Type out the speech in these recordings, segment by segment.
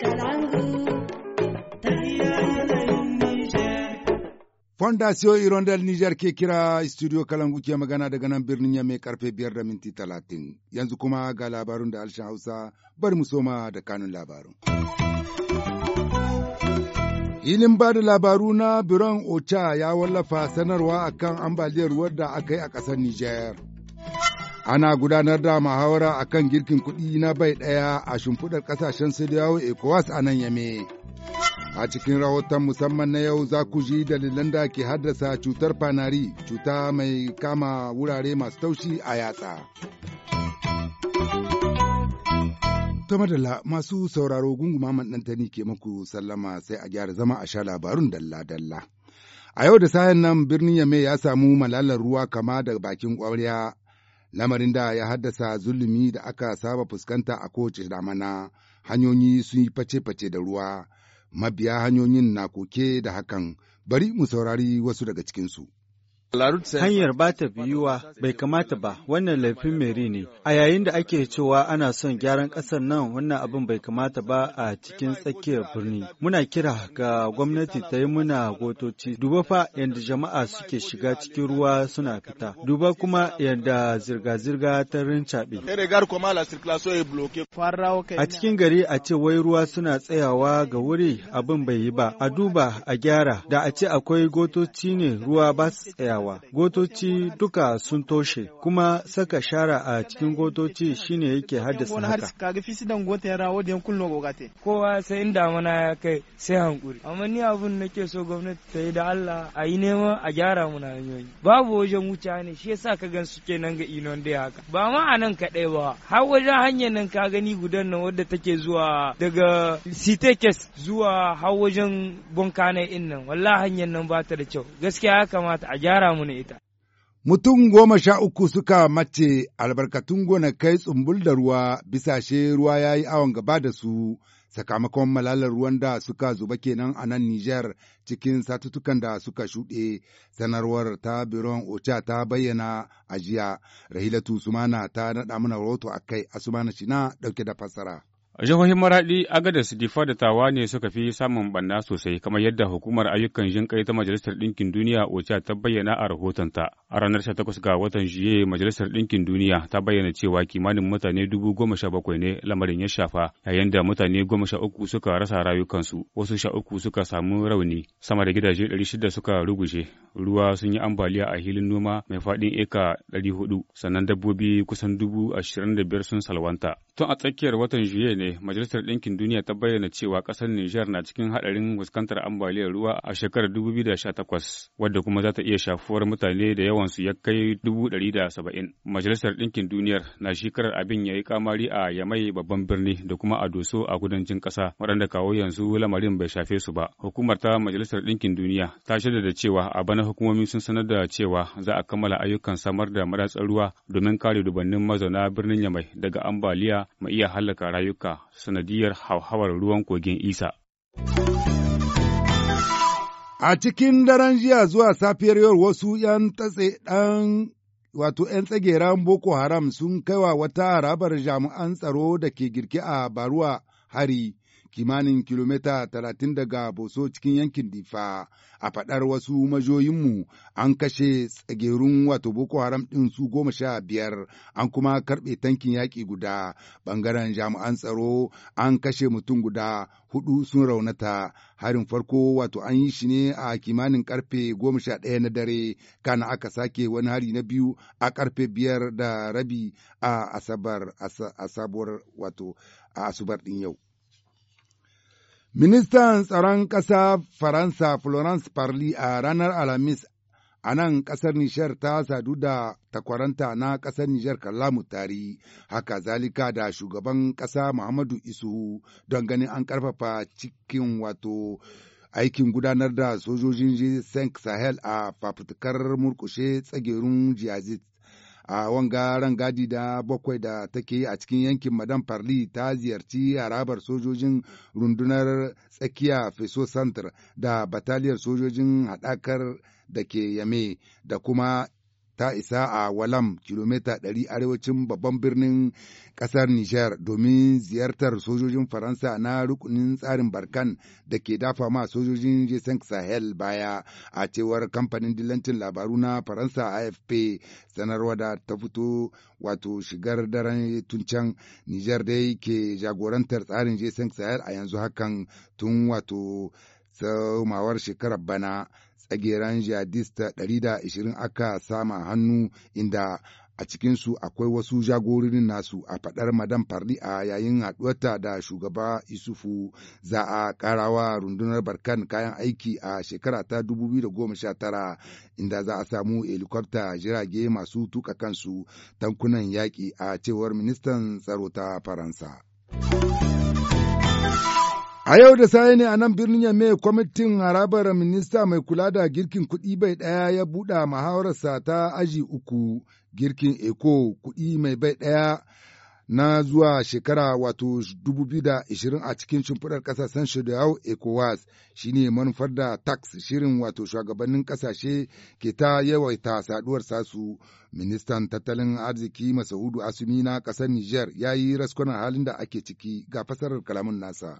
Kalangu, Nijar. Fondation Irondel Niger ke kira studio Kalangu ke magana daga nan birnin ya karfe biyar da minti talatin. Yanzu kuma ga labarun da alshin Hausa bari mu soma da kanun labarun. Ilin ba da labaru na Biron Ocha ya wallafa sanarwa akan ambaliyar ruwan da aka yi a ƙasar Nijar. Ana gudanar da muhawara akan girkin kuɗi na bai ɗaya a shimfiɗar ƙasashen Sudiyawo ECOWAS a nan Yame. A cikin rahoton musamman na yau za ku ji dalilan da ke haddasa cutar fanari, cuta mai kama wurare masu taushi a yatsa. ta madalla masu sauraro gunguma man tani ke muku sallama sai a gyara zama a sha labarun dalla-dalla. A yau da sayan nan birnin Yame ya samu malalar ruwa kama da bakin ƙwarya, lamarin da ya haddasa zulumi da aka saba fuskanta a kowace damana, hanyoyi sun yi face-face da ruwa, mabiya hanyoyin na koke da hakan, bari mu saurari wasu daga cikinsu. Hanyar ba ta biyuwa bai kamata ba, wannan laifin meri ne. A yayin da ake cewa ana son gyaran ƙasar nan wannan abin bai kamata ba a cikin tsakiyar birni. Muna kira ga gwamnati ta yi muna gotoci. Duba fa yadda jama'a suke shiga cikin ruwa suna fita. Duba kuma yadda zirga-zirga ta rincaɓe. A cikin gari a ce wai ruwa suna tsayawa ga wuri abin bai yi ba. A duba a gyara da a ce akwai gotoci ne ruwa ba su tsayawa. gyarawa. Gotoci duka sun toshe, kuma saka shara a cikin gotoci shine yake haddasa haka. Kowa sai in damana ya kai sai hankuri. Amma ni abun nake so gwamnati ta yi da Allah a yi nema a gyara muna hanyoyi. Babu wajen wuce ne shi yasa ka gan su kenan ga inon da haka. Ba ma a nan kaɗai ba, har wajen hanyar nan ka gani gudan nan wadda take zuwa daga Sitekes zuwa har wajen Bonkane in nan. Wallahi hanyar nan ba ta da kyau. Gaskiya ya kamata a gyara samu ne ita. Mutum goma sha uku suka mace albarkatun gonakai tsumbul da ruwa bisa she ruwa ya yi awon gaba da su sakamakon malalar ruwan da suka zuba kenan a nan Nijar cikin satutukan da suka shuɗe sanarwar ta biron Ocha ta bayyana a jiya Rahilatu Sumana ta naɗa mana rahoto a kai Asumana Shina ɗauke da fassara. A jihohin Maraɗi, Agadas, Difa da Tawa ne suka fi samun ɓanna sosai, kamar yadda hukumar ayyukan jinƙai ta Majalisar Ɗinkin Duniya oca ta bayyana a rahotonta. A ranar 18 ga watan Juye, Majalisar Ɗinkin Duniya ta bayyana cewa kimanin mutane dubu goma sha bakwai ne lamarin ya shafa, yayin da mutane goma sha uku suka rasa rayukansu, wasu sha uku suka samu rauni, sama da gidaje ɗari shida suka ruguje. Ruwa sun yi ambaliya a hilin noma mai faɗin eka ɗari hudu, sannan dabbobi kusan dubu ashirin da biyar sun salwanta. Tun a tsakiyar watan Juye ne Majalisar Ɗinkin Duniya ta bayyana cewa ƙasar Nijar na cikin haɗarin fuskantar ambaliyar ruwa a shekarar 2018 wadda kuma za ta iya shafuwar mutane da yawansu ya kai 170. Majalisar Ɗinkin Duniyar na shekarar abin ya yi kamari a Yamai babban birni da kuma a Doso a kudancin ƙasa waɗanda kawo yanzu lamarin bai shafe su ba. Hukumar ta Majalisar Ɗinkin Duniya ta shaida da cewa a bana hukumomi sun sanar da cewa za a kammala ayyukan samar da madatsar ruwa domin kare dubannin mazauna birnin Yamai daga ambaliya mu iya hallaka rayuka sanadiyar hauhawar ruwan kogin Isa. A cikin daren jiya zuwa safiyar yau wasu ‘yan tatse ɗan wato ‘yan tsageran Boko Haram sun kaiwa wata harabar jami'an tsaro da ke girki a Baruwa hari. kimanin kilomita talatin daga Boso cikin yankin Difa, a faɗar wasu majoyinmu an kashe tsagerun wato Boko Haram ɗin su goma sha biyar, an kuma karɓe tankin yaƙi guda, ɓangaren jami'an tsaro an kashe mutum guda, hudu sun raunata, harin farko wato an yi shi ne a kimanin karfe goma sha ɗaya na dare, kana aka sake wani hari na biyu a karfe biyar da rabi a asabar, asabuwar wato a asubar ɗin yau. Ministan tsaron ƙasa Faransa Florence Parly a ranar Alhamis a nan ƙasar Nijar ta sadu da takwaranta na ƙasar Nijar Kallamu Tari, haka zalika da shugaban ƙasa Muhammadu Isu don ganin an ƙarfafa cikin wato aikin gudanar da sojojin Jesus Sahel a fafutukar murkushe tsagerun jihazit a wanga gadi da bakwai da take yi a cikin yankin madan farli ta ziyarci harabar sojojin rundunar tsakiya feso center da bataliyar sojojin haɗakar da ke yame da kuma ta isa a Walam kilomita 100 arewacin babban birnin ƙasar Nijar domin ziyartar sojojin Faransa na rukunin tsarin Barkan da ke dafa ma sojojin Jason Sahel baya a cewar kamfanin dillancin labaru na Faransa AFP sanarwa da ta fito wato shigar daren tuncan can Nijar dai ke jagorantar tsarin Jason Sahel a yanzu hakan tun wato saumawar shekarar bana. tsageran jihadista 120 aka sama hannu inda a cikinsu akwai wasu jagororin nasu a faɗar madam farli a yayin haɗuwarta da shugaba isufu za a wa rundunar barkan kayan aiki a shekara ta 2019 inda za a samu helikwafta jirage masu tuka kansu tankunan yaƙi a cewar ministan tsaro ta faransa. A yau da sai ne a nan birnin Yamme kwamitin harabar minista mai kula da girkin kuɗi bai ɗaya ya buɗe muhawararsa ta aji uku girkin eko kuɗi mai bai ɗaya na zuwa shekara wato 2020 a cikin shimfiɗar ƙasashen shidayau ECOWAS shine manufar da tax shirin wato shugabannin ƙasashe ke ta yawaita saduwar sasu ministan tattalin arziki Masaudu Asumi na ƙasar Niger ya yi raskunan halin da ake ciki ga fasarar kalamin nasa.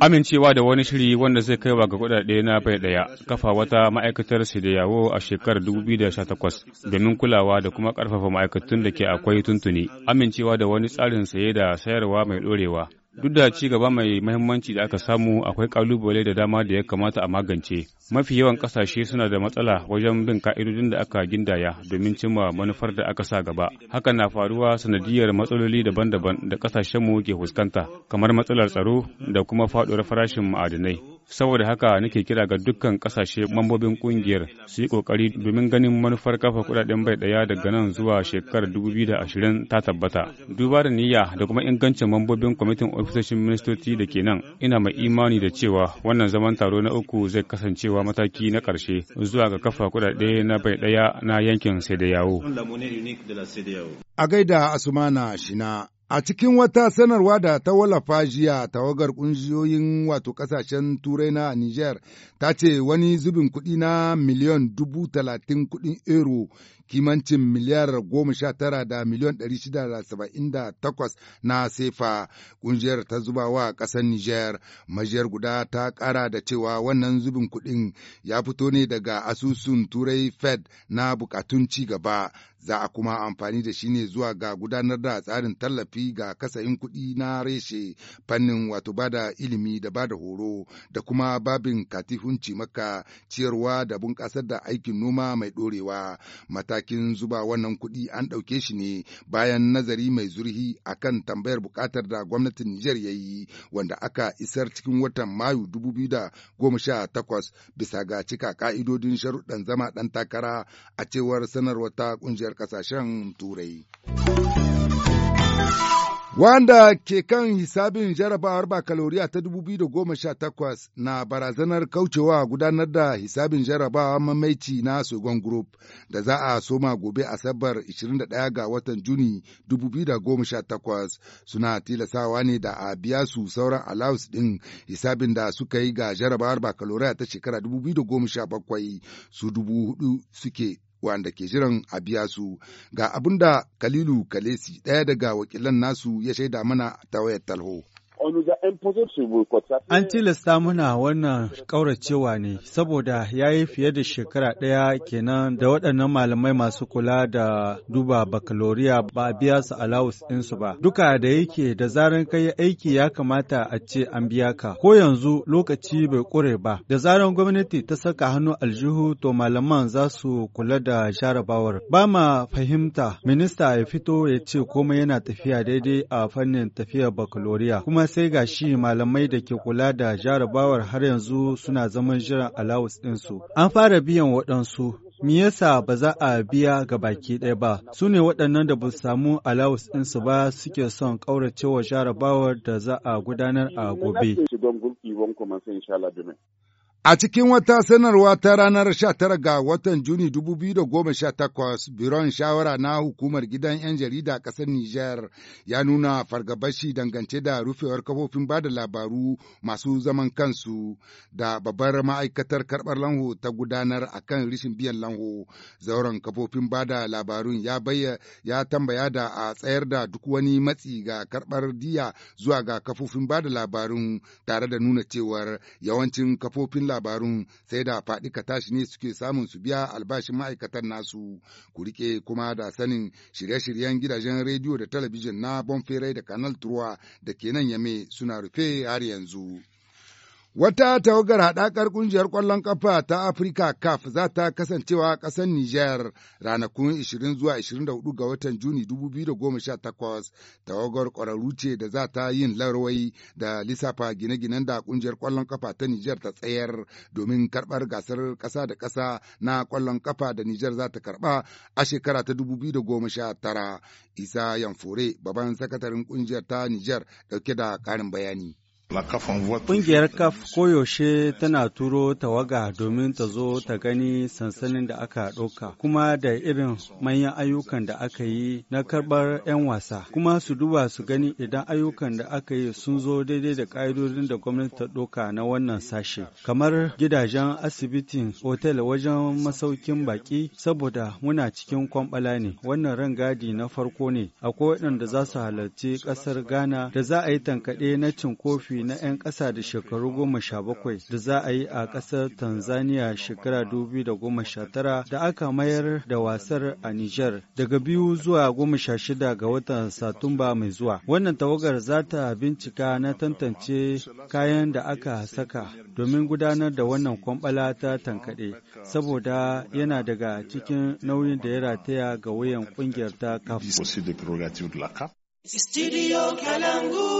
Amincewa da wani shiri wanda zai kaiwa ga kudade na bai daya kafa wata ma'aikatar da yawo a shekarar 2018 domin kulawa da kuma karfafa ma'aikatun da ke akwai tuntuni. Amincewa da wani tsarin saye da sayarwa mai dorewa Duk da ci gaba mai mahimmanci da aka samu akwai kalubale da dama da ya kamata a magance. Mafi yawan ƙasashe suna da matsala wajen bin ka'idodin da aka gindaya domin cimma manufar da aka sa gaba. Hakan na faruwa sanadiyar matsaloli daban-daban da ƙasashenmu ke fuskanta, kamar matsalar tsaro da kuma faɗuwar farashin ma'adinai. saboda haka nake kira ga dukkan kasashe mambobin kungiyar su yi kokari domin ganin manufar kafa kudaden bai daya daga nan zuwa shekarar 2020 ta tabbata duba da niyya da kuma ingancin mambobin kwamitin ofisoshin ministoci da ke nan ina mai imani da cewa wannan zaman taro na uku zai kasancewa mataki na karshe zuwa ga kafa kudade na bai daya na yankin sai da yawo a gaida asumana shina A cikin wata sanarwa da ta wallafa jiya tawagar ƙungiyoyin wato ƙasashen turai na Niger ta ce wani zubin kuɗi na miliyon dubu talatin kuɗin euro kimancin miliyar goma sha tara da miliyon ɗari shida da saba'in da takwas na sefa ƙungiyar ta zuba wa ƙasar Niger. Majiyar guda ta ƙara da cewa wannan zubin kuɗin ya fito ne daga asusun turai Fed na bukatun ci gaba za a kuma amfani da shi ne zuwa ga gudanar da tsarin tallafi ga kasayin kuɗi na reshe fannin wato bada ilimi da bada horo da kuma babin katifin cimaka ciyarwa da bunƙasar da aikin noma mai ɗorewa matakin zuba wannan kuɗi an ɗauke shi ne bayan nazari mai zurhi a kan tambayar buƙatar da gwamnatin Nijar ya yi wanda aka isar cikin watan Mayu 2018 bisa ga cika ƙa'idodin sharuɗan zama ɗan takara a cewar sanarwar ta ƙungiyar ƙungiyar ƙasashen Turai. Wanda ke kan hisabin jarabawar bakaloriya ta 2018 na barazanar kaucewa gudanar da hisabin jarabawa mamaici na Sogon Group da za a soma gobe Asabar 21 ga watan Juni 2018 suna tilasawa ne da a biya su sauran allowance ɗin hisabin da suka yi ga jarabawar bakaloriya ta shekara 2017 su dubu hudu suke wanda ke jiran a biya su ga abin da Kalilu Kalesi ɗaya daga wakilan nasu ya shaida mana ta wayar talho. An tilasta muna wannan ƙauracewa ne, saboda ya yi fiye da shekara ɗaya kenan da waɗannan malamai masu kula da duba bakaloriya ba a biya su alawus ɗinsu ba. Duka da yake da zaran kai aiki ya kamata a ce an biya ka, ko yanzu lokaci bai ƙure ba. Da zaran gwamnati ta saka hannu aljihu to malaman za su kula da jarabawar. Ba ma fahimta, minista ya fito ya ce komai yana tafiya daidai a fannin tafiyar bakaloriya, kuma sai sai ga shi malamai da ke kula da jarabawar har yanzu suna zaman jiran alawus ɗinsu. An fara biyan waɗansu, Me yasa ba za a biya ga baki ɗaya ba, su ne waɗannan da ba su samu alawus ɗinsu ba suke son ƙauracewa jarabawar da za a gudanar a gobe. A cikin wata sanarwa ta ranar 19 ga watan Juni 2018, Biron shawara na hukumar gidan 'yan jarida kasar Nijar ya nuna fargabashi dangance da rufewar kafofin ba da labaru masu zaman kansu da babbar ma'aikatar karɓar lanho ta gudanar a kan rishin biyan lanho. Zauren kafofin ba da labarun ya ya tambaya da a tsayar da duk wani matsi ga karɓar diya zuwa ga kafofin ba da labarun tare da nuna cewar yawancin kafofin labarun sai da faɗi ka tashi ne suke samun su biya albashin ma'aikatan nasu ku rike kuma da sanin shirye-shiryen gidajen rediyo da talabijin na bonferai da canal 3 da kenan yame suna rufe har yanzu. Wata tawagar haɗakar ƙungiyar ƙwallon ƙafa ta Afirka CAF za ta kasancewa a ƙasar Nijar ranakun 20 zuwa 24 ga watan Juni 2018. Tawagar ƙwararru ce da za ta yin larwai da lissafa gine-ginen da ƙungiyar ƙwallon ƙafa ta Nijar ta tsayar domin karɓar gasar ƙasa da ƙasa na ƙwallon ƙafa da Nijar za ta karɓa a shekara ta 2019. Isa Yamfore, babban sakataren ƙungiyar ta Nijar, ɗauke da ƙarin bayani. Ƙungiyar CAF koyaushe tana turo tawaga domin ta zo ta gani sansanin da aka ɗauka, kuma da irin manyan ayyukan da aka yi na karɓar 'yan wasa, kuma su duba su gani idan ayyukan da aka yi sun zo daidai da ƙa'idodin da gwamnati ta ɗauka na wannan sashe, kamar gidajen asibitin otel wajen masaukin baƙi, saboda muna cikin kwamɓala ne, wannan rangadi na farko ne, akwai waɗanda za su halarci ƙasar Ghana da za a yi tankaɗe na cin kofi na 'yan ƙasa da shekaru goma sha bakwai da za a yi a ƙasar Tanzania shekara dubu da goma sha tara da aka mayar da wasar a Niger daga biyu zuwa goma sha shida ga watan Satumba mai zuwa. Wannan tawagar za ta bincika na tantance kayan da aka saka domin gudanar da wannan kwambala ta tankaɗe saboda yana daga cikin nauyin da ya rataya ga wuyan ƙungiyar ta kafin. Studio Kalangu.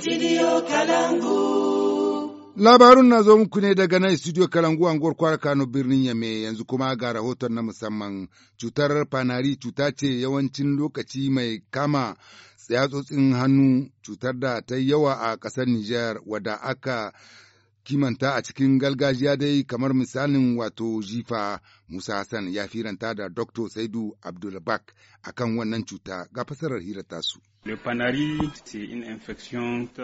Studio Kalangu. Labarun na zo muku ne daga nan Studio Kalangu anguwar kwara Kano birnin Yame yanzu kuma ga rahoton na musamman cutar fanari cuta ce yawancin lokaci mai kama tsayatsotsin hannu cutar da ta yawa a ƙasar Nijar wadda aka kimanta a cikin gargajiya dai kamar misalin wato jifa Musa Hassan ya firanta da Dr. Saidu Abdulbak kan wannan cuta ga fasarar hirar tasu.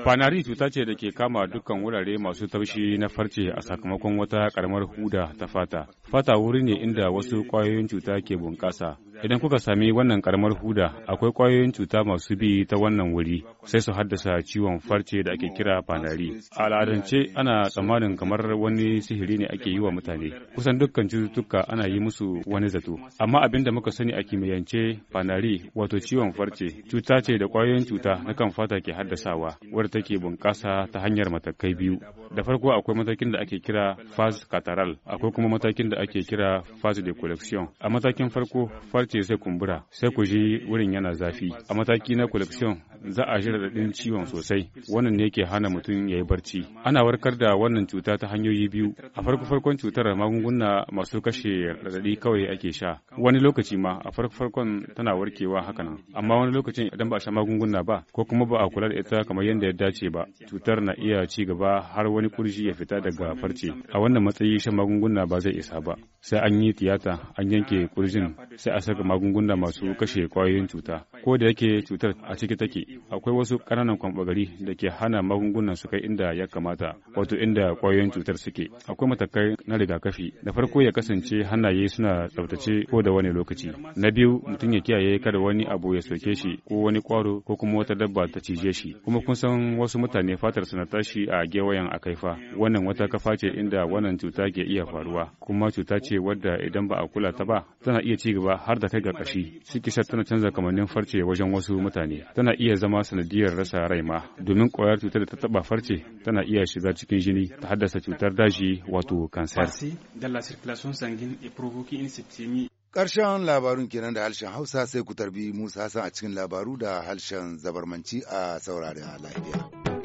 Panari cuta ce da ke kama dukkan wurare masu taushi na farce a sakamakon wata karamar huda ta fata. Fata wuri ne inda wasu ƙwayoyin cuta ke bunƙasa. Idan kuka sami wannan karamar huda, akwai kwayoyin cuta masu bi ta wannan wuri, sai su haddasa ciwon farce da ake kira fanari. A al'adance ana tsammanin kamar wani sihiri ne ake yi wa mutane. Kusan dukkan cututtuka ana yi musu wani zato. Amma abin da muka sani a kimiyyance fanari wato ciwon farce cuta ce da kwayoyin cuta na kan fata ke haddasawa wadda take bunƙasa ta hanyar matakai biyu. Da farko akwai matakin da ake kira phase cataral, akwai kuma matakin da ake kira phase de collection. A matakin farko farce farce sai kumbura sai ku ji wurin yana zafi a mataki na collection za a shi raɗaɗin ciwon sosai wannan ne ke hana mutum ya yi barci ana warkar da wannan cuta ta hanyoyi biyu a farko farkon cutar magunguna masu kashe raɗaɗi kawai ake sha wani lokaci ma a farko farkon tana warkewa haka nan amma wani lokacin idan ba a sha magunguna ba ko kuma ba a kula da ita kamar yadda ya dace ba cutar na iya ci gaba har wani kurji ya fita daga farce a wannan matsayi shan magunguna ba zai isa ba sai an yi tiyata an yanke kurjin sai a saka magunguna masu kashe kwayoyin cuta ko da yake cutar a ciki take akwai wasu ƙananan kwamɓagari da ke hana magungunan su kai inda ya kamata wato inda ƙwayoyin cutar suke akwai matakai na rigakafi da farko ya kasance hannaye suna tsaftace ko da wani lokaci na biyu mutum ya kiyaye kada wani abu ya soke shi ko wani ƙwaro ko kuma wata dabba ta cije shi kuma kun san wasu mutane fatar su na tashi a gewayen akaifa wannan wata kafa ce inda wannan cuta ke iya faruwa kuma cuta ce wadda idan ba a kula ta ba tana iya ci gaba har da kai ga ƙashi sikisar tana canza kamannin farce wajen wasu mutane tana iya zama sanadiyar rasa rai ma domin ƙwayar cutar da ta taɓa farce tana iya shiga cikin jini ta haddasa cutar daji wato kansar. Ƙarshen labarun kenan da harshen Hausa sai ku tarbi Musa san a cikin labaru da harshen zabarmanci a a lafiya.